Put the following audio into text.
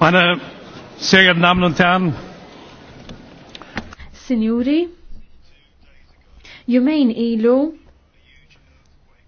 Meine sehr geehrten Damen und Herren, Signori, jumejn ilu